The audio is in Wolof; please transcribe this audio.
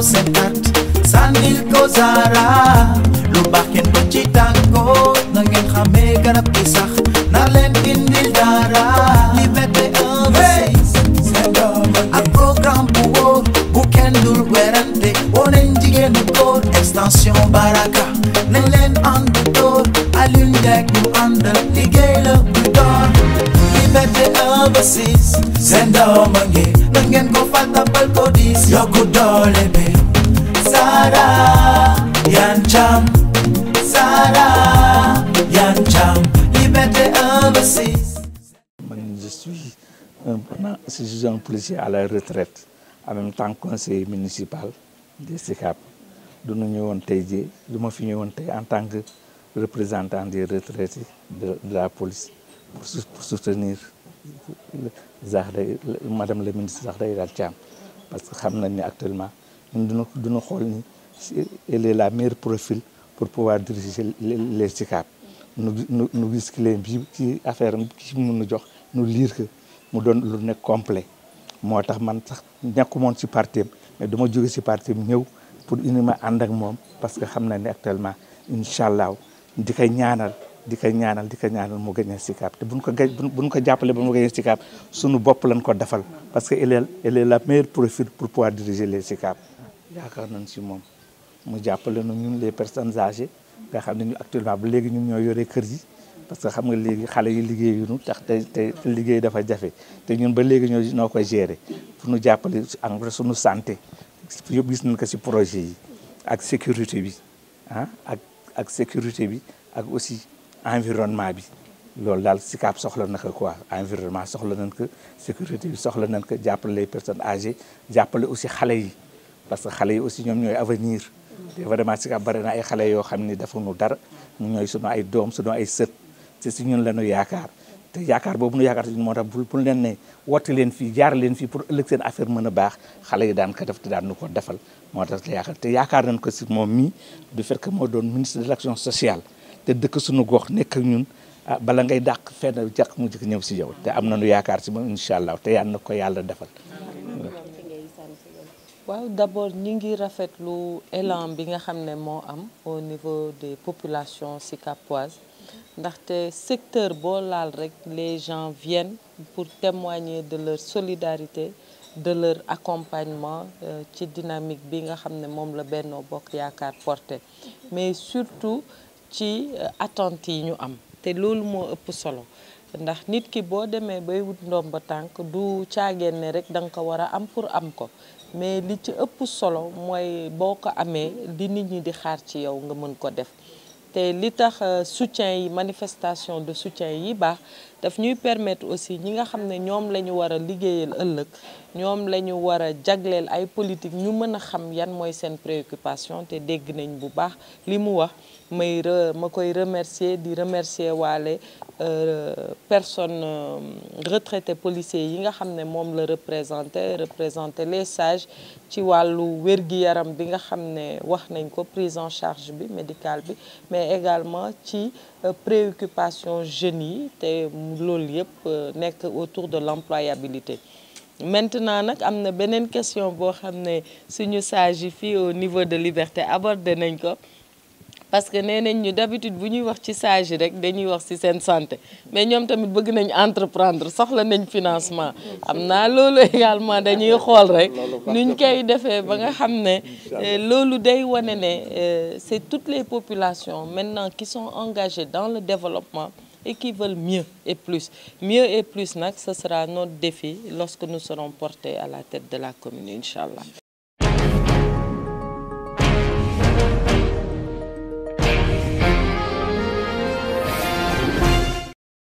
ko seetaat sànnil ko Zara lu baax ba siis seen doom a ngi mën ngeen ko diis yokku doole bi Sara Yane Thiam Sara Yane Thiam Liberté 1 ba siis man je suis un jugeant policier à la retraite en même temps conseiller municipal de Sicap du ñu ñëwoon tey jii du ma fi ñëwoon tey en tant que représentant des retraités de la police pour soutenir Zahra madame la ministre Zahra Iyane Thiam parce que xam nañ ne actuellement ñun duñu duñu xool ni elle est la meilleure profil pour pouvoir diriger les SICAP nu nu nu gis clé bi ci affaire am ci mun nu jox nu lire mu doon lu nekk complet moo tax man sax ñàkkumoon si parti am mais dama jóge si parti am ñëw pour uniquement ànd ak moom parce que xam na ni actuellement incha allah di koy ñaanal. di ko ñaanal di ko ñaanal mu gagné SICAP te buñ ko ga buñ ko jàppale ba mu gagné SICAP suñu bopp lañ ko defal parce que elle est elle est la meilleure profil pour pouvoir diriger les SICAP yaakaar nañ si moom mu jàppalee nu ñun les personnes âgées nga xam ne ñu actuellement ba léegi ñun ñoo yoree kër yi parce que xam nga léegi xale yi liggéeyuñu tax te te liggéey dafa jafe te ñun ba léegi ñoo ñoo koy gérer pour ñu jàppale en vrai suñu santé yëpp gis nañ ko si projet yi ak sécurité bi ah ak ak sécurité bi ak aussi environnement bi lool daal SICAP soxla na ko quoi environnement soxla nañ ko sécurité bi soxla nañ ko jàppale les personnes âgées jàppale aussi xale yi parce que xale yi aussi ñoom ñooy avenir te vraiment SICAP bari na ay xale yoo xam ni defuñu dara ñooy sunu ay doom sunu ay sët te si ñun la ñu yaakaar te yaakaar boobu nu yaakaar moo tax bu bu leen ne woote leen fii jaar seen affaire mën a baax xale yi daan ko def te daan nu ko defal moo tax te te yaakaar nañ ko si moom mii du fait que moo doon ministre de l'action sociale te dëkk suñu gox nekk ñun ah bala ngay dàq fenn jaq mu jëkk ñëw si yow te am nañu yaakaar si moom incha allah te yal na ko yàlla defal. waaw d'abord ñu ngi rafetlu élan bi nga xam ne moo am au niveau des populations sikapoises ndaxte secteur boo laal rek les gens viennent pour témoigner de leur solidarité de leur accompagnement euh, ci dynamique bi nga xam ne moom la Benno Bokk Yaakaar porté mais surtout. ci euh, attentes yi ñu am te loolu moo ëpp solo ndax nit ki boo demee bay wut ndomba tànk du caageen ne rek danga ko war a am pour am ko mais li ci ëpp solo mooy boo ko amee li nit ñi di xaar ci yow nga mën ko def te li tax euh, soutien yi manifestation de soutien yi baax daf ñuy permettre aussi ñi nga xam ne ñoom la ñu war a liggéeyal ëllëg ñoom la ñu war a jagleel ay politique ñu mën a xam yan mooy seen préoccupation te dégg nañ bu baax li mu wax may ma koy remercier di remercier waale Euh, personne euh, retraité policiers yi nga xam ne moom la représenté représenté les sages ci wàllu wér-gi-yaram bi nga xam ne wax nañ ko prise en charge bi médicale bi mais également ci euh, préoccupation jeunes yi te loolu yëpp nekk autour de l'employabilité maintenant nag am na beneen question boo xam ne suñu sages yi fi au niveau de Liberté abordé nañ ko parce que nee nañ ñu d'habitude bu ñuy wax ci sage rek dañuy wax ci seen santé mais ñoom tamit bëgg nañ entreprendre soxla nañu financement xam naa loolu également dañuy xool rek nuñ koy defee ba nga xam ne euh, loolu day wane ne euh, c'est toutes les populations maintenant qui sont engagées dans le développement et qui veulent mieux et plus. Mieux et plus, ce sera notre défi lorsque nous serons portés à la tête de la commune, allah